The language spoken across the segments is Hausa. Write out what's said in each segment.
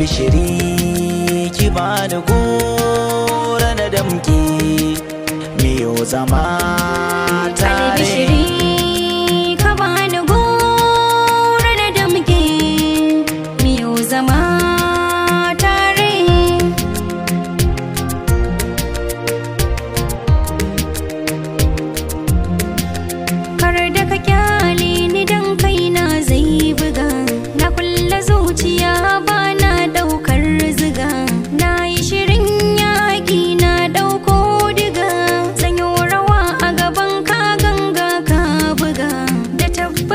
bishiri ki bani gora na damki miyo zama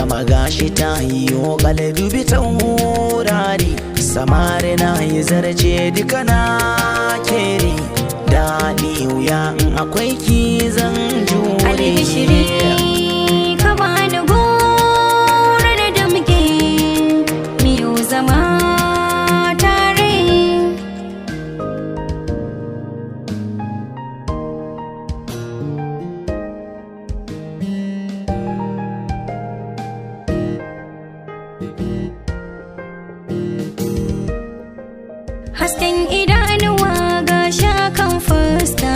sama gashi ta yiwo kaldubi ta wurare samari na yi zarce duka na keri daɗi wuya in akwai ki hasken idanuwa ga shakan fuska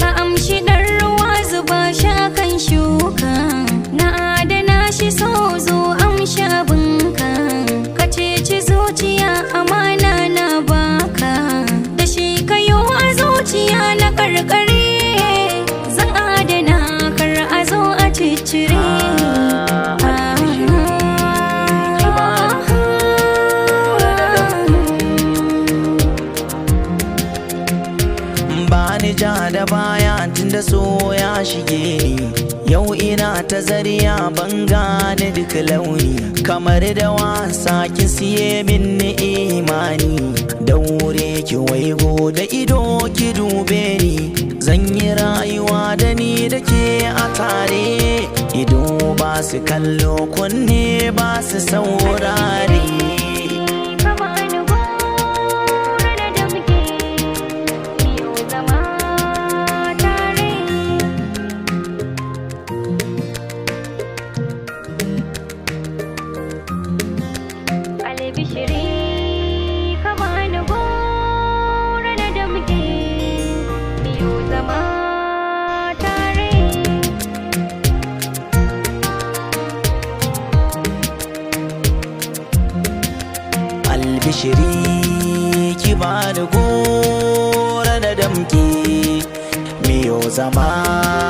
ka amshi ɗan ruwa zuba shakan shuka na adana shi so zo amsha binka ka ceci zuciya amana na baka da shi kayo a zuciya na karkare zan adana kar a zo a ciccire ta da baya tunda so ya shige ni yau ina ta zariya banga gane duk launi kamar da wasa ki siye min ni imani da daure ki waigo da ido ki dube ni zan yi rayuwa da ni da ke a tare ido ba su kallo kunne ba su saurare albishiri ki da gora na damki miyo zama